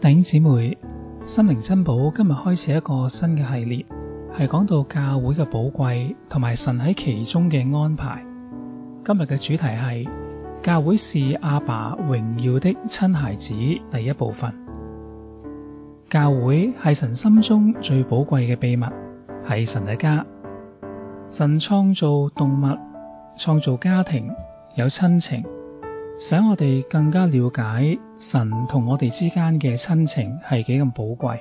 弟兄姊妹，心靈珍寶今日開始一個新嘅系列，係講到教會嘅寶貴同埋神喺其中嘅安排。今日嘅主題係教會是阿爸榮耀的親孩子，第一部分。教會係神心中最寶貴嘅秘密，係神嘅家。神創造動物，創造家庭，有親情。使我哋更加了解神同我哋之間嘅親情係幾咁寶貴。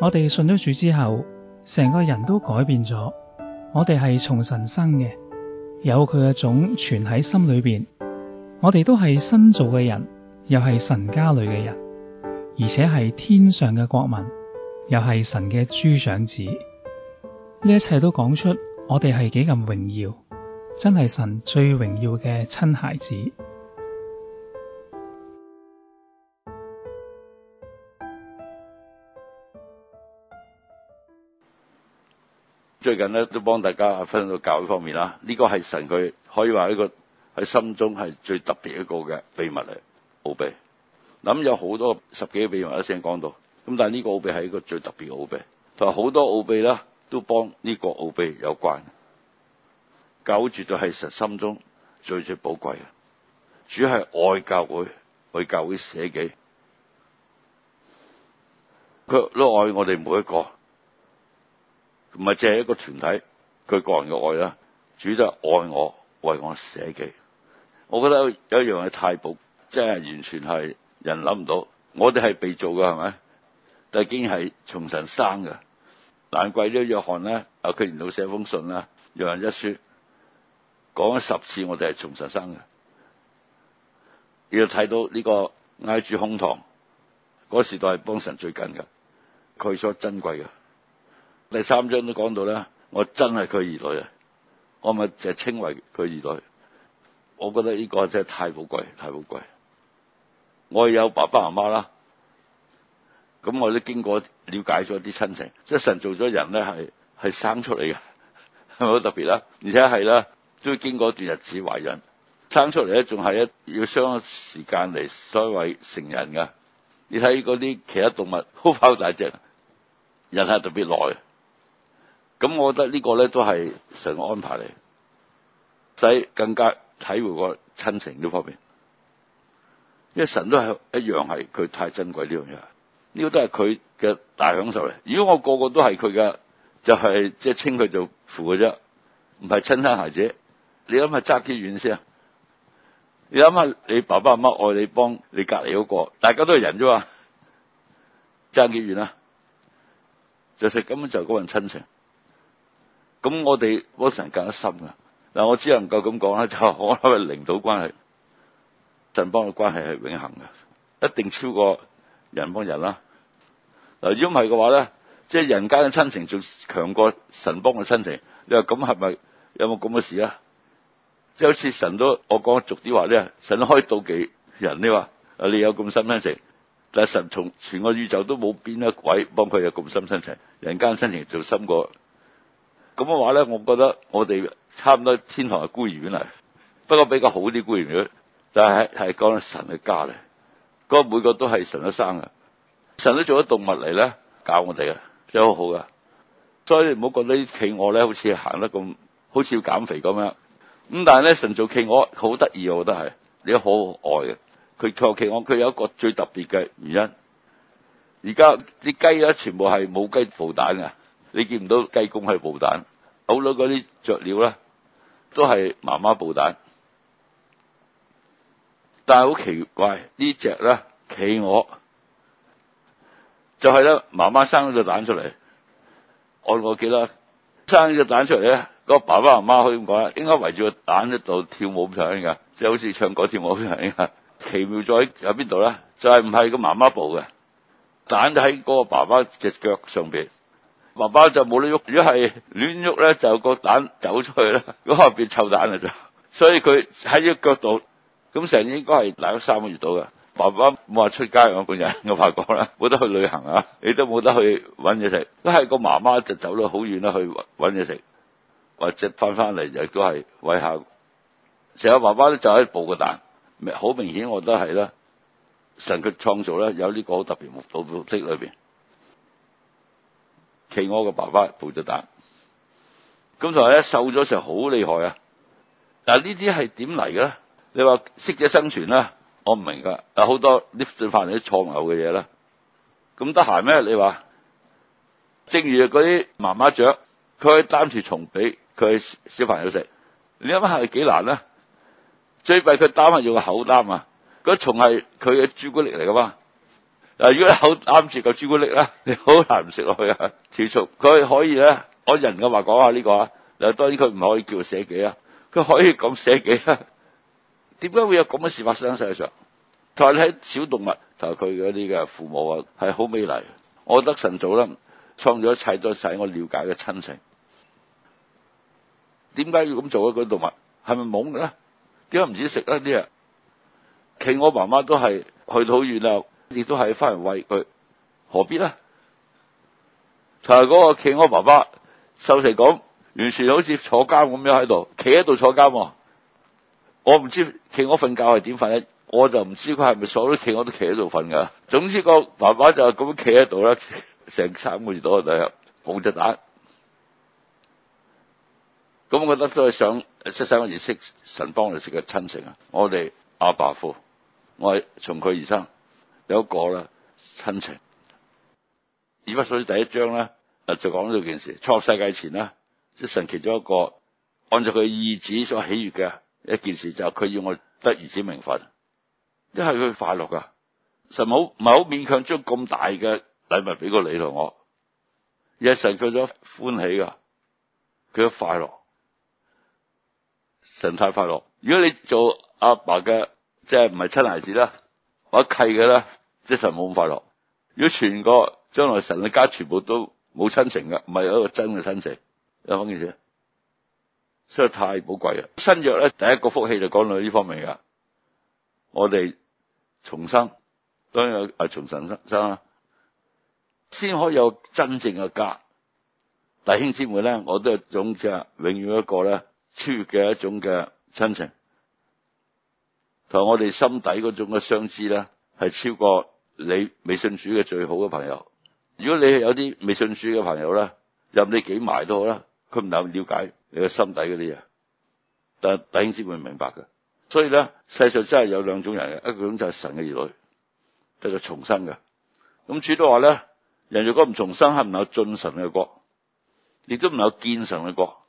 我哋信咗主之後，成個人都改變咗。我哋係從神生嘅，有佢嘅種存喺心裏邊。我哋都係新造嘅人，又係神家裏嘅人，而且係天上嘅國民，又係神嘅諸長子。呢一切都講出我哋係幾咁榮耀。真係神最榮耀嘅親孩子。最近咧都幫大家分享到教會方面啦，呢、這個係神佢可以話一個喺心中係最特別一個嘅秘密嚟奧秘。諗有好多十幾個秘密，一聲講到。咁但係呢個奧秘係一個最特別嘅奧秘，但好多奧秘啦，都幫呢個奧秘有關。教會絕對係實心中最最寶貴嘅，主要係愛教會，為教會捨己。佢都愛我哋每一個，唔係淨係一個團體。佢個人嘅愛啦，主都就係愛我，為我捨己。我覺得有一樣嘢太寶即係完全係人諗唔到。我哋係被造嘅，係咪？但係已經係從神生嘅。難怪呢約翰咧，阿，佢年老寫封信啦，《約翰一書》。講咗十次，我哋係從神生嘅。你要睇到呢個挨住胸膛嗰時代，係幫神最近嘅，佢所珍貴嘅。第三章都講到咧，我真係佢兒女，我咪就係稱為佢兒女。我覺得呢個真係太寶貴，太寶貴。我有爸爸媽媽啦，咁我都經過了解咗啲親情，即係神做咗人咧，係係生出嚟嘅，係咪好特別啦？而且係啦。都要經過一段日子懷孕，生出嚟咧，仲係一要相當時間嚟栽培成人噶你睇嗰啲其他動物好快大隻，人係特別耐。咁我覺得這個呢個咧都係神嘅安排嚟，使更加體會個親情呢方面。因為神都係一樣，係佢太珍貴呢樣嘢，呢、這個都係佢嘅大享受嚟。如果我個個都係佢嘅，就係即係稱佢做父嘅啫，唔係親生孩子。你諗下，爭幾遠先啊？你諗下，你爸爸媽媽愛你，幫你隔籬嗰、那個，大家都係人啫嘛，爭幾遠啊？其實根本就嗰份親情，咁我哋幫神隔得深噶。嗱，我只能夠咁講啦，就我諗係領導關係，神幫嘅關係係永恆嘅，一定超過人幫人啦。嗱，如果唔係嘅話咧，即係人間嘅親情仲強過神幫嘅親情，你話咁係咪有冇咁嘅事啊？即好似神都，我講俗啲話咧，神都可以妒忌人。你話，你有咁深親情，但係神從全個宇宙都冇變得鬼，幫佢有咁深親情，人間心情就深過。咁嘅話咧，我覺得我哋差唔多天堂嘅孤兒院嚟，不過比較好啲孤兒院，但係係講到神嘅家嚟，嗰每個都係神一生噶，神都做咗動物嚟咧教我哋啊，真係好好噶。所以你唔好覺得企鵝咧，好似行得咁，好似要減肥咁樣。咁但係咧，神造企鵝好得意，我覺得係，你可愛嘅。佢造企鵝，佢有一個最特別嘅原因。而家啲雞咧，全部係冇雞抱蛋嘅，你見唔到雞公係抱蛋。好多嗰啲雀鳥咧，都係媽媽抱蛋。但係好奇怪，隻呢隻咧企鵝，就係咧媽媽生咗隻蛋出嚟。我我記得，生咗隻蛋出嚟咧。個爸爸媽媽可以點講咧？應該圍住個蛋喺度跳舞上噶，即係好似唱歌跳舞上噶。奇妙在喺邊度咧？就係唔係個媽媽抱嘅蛋，就喺嗰個爸爸隻腳上邊。爸爸就冇得喐，如果係亂喐咧，就個蛋走出去啦，咁啊變臭蛋啦就。所以佢喺呢隻腳度，咁成日應該係奶三個月到嘅。爸爸冇話出街我本人，我發覺啦，冇得去旅行啊，你都冇得去搵嘢食。都係個媽媽就走咗好遠啦，去搵嘢食。或者翻翻嚟亦都係喂下成個爸爸咧，就喺度抱個蛋，好明顯我覺得係啦。神嘅創造咧，有呢個好特別嘅目的裏邊。企鵝嘅爸爸抱隻蛋，咁就係咧瘦咗成好厲害啊！但呢啲係點嚟嘅咧？你話適者生存啦，我唔明㗎。啊好多啲翻嚟啲錯誤嘅嘢啦，咁得閒咩？你話？正如嗰啲媽媽雀，佢可以擔住蟲仔。佢小朋友食，你諗下係幾難咧、啊？最弊佢戴翻住個口罩啊！個蟲係佢嘅朱古力嚟噶嘛？嗱，如果口罩住個朱古力咧，你好難食落去啊！跳蟲佢可以咧，我人嘅話講下呢個啊，當然佢唔可以叫社記啊，佢可以講社記啊。點解會有咁嘅事發生喺世界上？但係你睇小動物同佢嗰啲嘅父母啊，係好美麗。我覺得神早啦，創造一切都使我了解嘅親情。點解要咁做啊？嗰啲動物係咪懵咧？點解唔止食啊啲啊？企鵝媽媽都係去到好遠啦，亦都係翻嚟喂佢，何必咧？就係嗰個企鵝爸爸，瘦成咁，完全好似坐監咁樣喺度，企喺度坐監。我唔知企鵝瞓覺係點瞓咧，我就唔知佢係咪所有企鵝都企喺度瞓噶。總之個爸爸就咁企喺度啦，成三個月到。就係冇隻蛋。咁我覺得都係想，想而認識曬我哋識神幫我哋識嘅親情啊！我哋阿爸父，我係從佢而生，有一個咧親情。以弗所書第一章咧就講呢件事，創世界前咧，即係神其中一個按照佢意旨所喜悅嘅一件事，就係、是、佢要我得兒子名分，呢係佢快樂噶。神好唔係好勉強將咁大嘅禮物俾過你同我，而係神佢咗歡喜噶，佢都快樂。神太快樂。如果你做阿爸嘅，即係唔係親孩子啦，我契嘅啦，即係神冇咁快樂。如果全個將來神嘅家全部都冇親情嘅，唔係有一個真嘅親情。有乜意思？真係太寶貴啊！新約咧，第一個福氣就講到呢方面噶。我哋重生，當然有重神生生啦，先可以有真正嘅家。弟兄姊妹咧，我都有總之，永遠一個咧。超越嘅一種嘅親情，同我哋心底嗰種嘅相知咧，係超過你未信主嘅最好嘅朋友。如果你係有啲未信主嘅朋友咧，任你幾埋都好啦，佢唔能了解你嘅心底嗰啲嘢，但係弟兄姊妹明白嘅。所以咧，世上真係有兩種人嘅，一種就係神嘅兒女，得個重生嘅。咁主都話咧，人如果唔重生，係唔有進神嘅國，亦都唔有見神嘅國。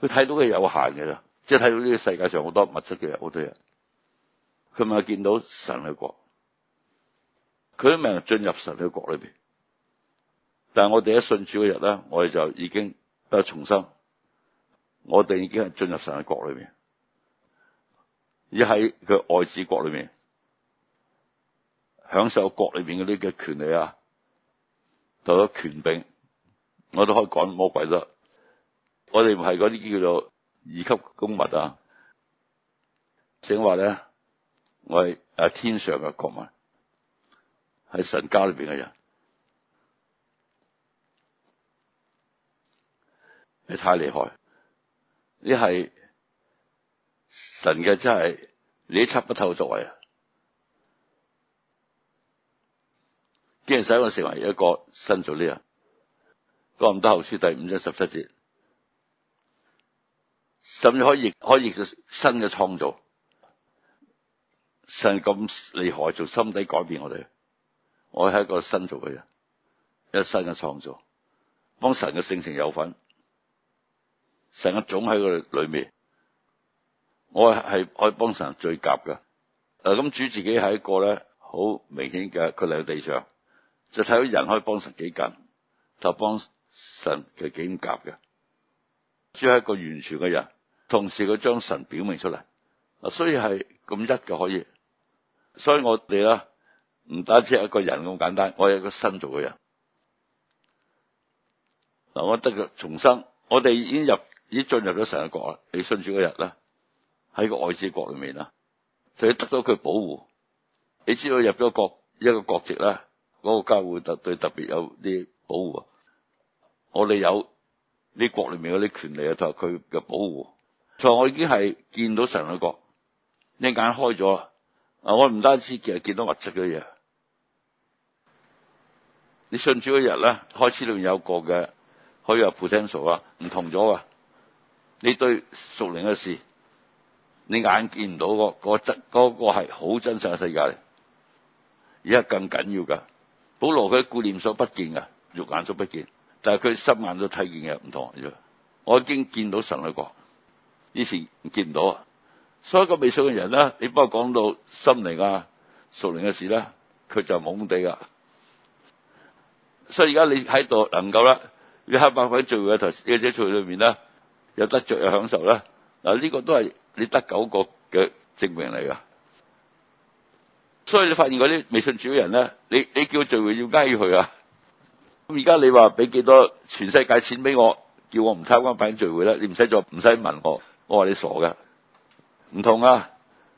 佢睇到嘅有限嘅啫，即係睇到呢個世界上好多物質嘅人，好多嘢。佢咪見到神嘅國，佢咪進入神嘅國裏邊。但係我哋一信主嘅日咧，我哋就已經得重生，我哋已經係進入神嘅國裏面，而喺佢愛子國裏面享受國裏面嗰啲嘅權利啊，就咗權柄，我都可以趕魔鬼啦。我哋唔係嗰啲叫做二級公民啊！正話咧，我係天上嘅國民，係神家裏邊嘅人。你太厲害，你係神嘅，真係你一測不透作為啊！竟然使我成為一個新造嘅人！哥林多後書第五一十七節。甚至可以可以嘅新嘅創造，神咁厲害，做心底改變我哋。我係一個新造嘅人，一新嘅創造，幫神嘅性情有份，成個種喺佢裏面。我係可以幫神最夾嘅。誒，咁主自己係一個咧，好明顯嘅，佢嚟地上就睇到人可以幫神幾近，就幫神其實幾唔合嘅。主係一個完全嘅人。同時佢將神表明出嚟，啊，所以係咁一嘅可以，所以我哋咧唔單止一個人咁簡單，我有個新造嘅人嗱，我得個重生，我哋已經入已進入咗神嘅國啦。你信主嗰日咧，喺個愛子國裏面啦，所以得到佢保護。你知道入咗國一個國籍咧，嗰、那個教會特對，對特別有啲保護，我哋有呢國裏面嗰啲權利啊，同埋佢嘅保護。錯，所以我已經係見到神嘅國，你眼開咗啦。我唔單止其實見到物質嘅嘢，你信主嗰日咧，開始裏面有個嘅可以話 potential 啊，唔同咗啊。你對屬靈嘅事，你眼見唔到的、嗰個、嗰個真個係好真實嘅世界。而家更緊要噶，保羅佢顧念所不見啊，肉眼所不見，但係佢心眼都睇見嘅唔同。我已經見到神嘅國。以前見唔到啊，所以個微信嘅人咧，你幫我講到心靈啊、屬靈嘅事咧，佢就懵地噶。所以而家你喺度能夠啦，你喺擘餅聚會嘅頭，或者聚會裏面呢，有得着有享受啦。嗱、啊，呢、呢個都係你得九個嘅證明嚟噶。所以你發現嗰啲微信主要人咧，你你叫聚會要雞佢啊。咁而家你話俾幾多全世界錢俾我，叫我唔參加擘餅聚會咧，你唔使再唔使問我。我話你傻噶，唔同啊！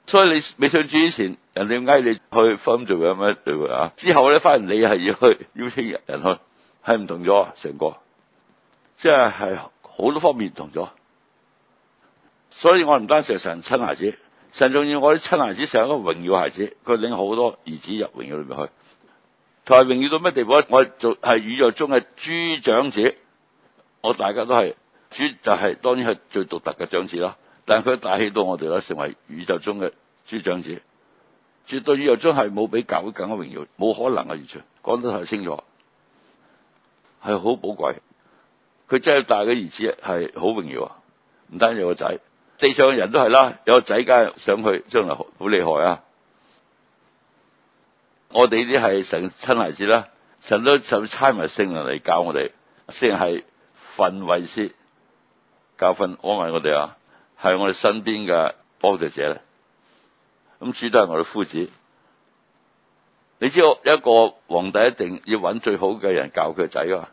所以你未上主以前，人哋嗌你去分做咩咁樣聚會啊。之後咧，反而你係要去邀請人人去，係唔同咗啊！成個，即係係好多方面唔同咗。所以我唔單止係神親孩子，神仲要我啲親孩子成日都榮耀孩子，佢領好多兒子入榮耀裏面去。同埋榮耀到乜地步咧？我做係宇宙中嘅豬長子，我大家都係。主就係、是、當然係最獨特嘅長子啦，但係佢帶起到我哋啦，成為宇宙中嘅主長子，絕對宇宙中係冇比教會更加榮耀，冇可能嘅完全，講得太清楚，係好寶貴。佢真係大嘅兒子係好榮耀啊！唔單止有仔，地上嘅人都係啦，有仔梗係上去，將來好厲害啊！我哋呢啲係神親孩子啦，成都就差埋聖人嚟教我哋，聖人係訓誨師。教訓安慰我哋啊，係我哋身邊嘅幫助者咧。咁主都係我哋夫子。你知道一個皇帝一定要揾最好嘅人教佢仔啊。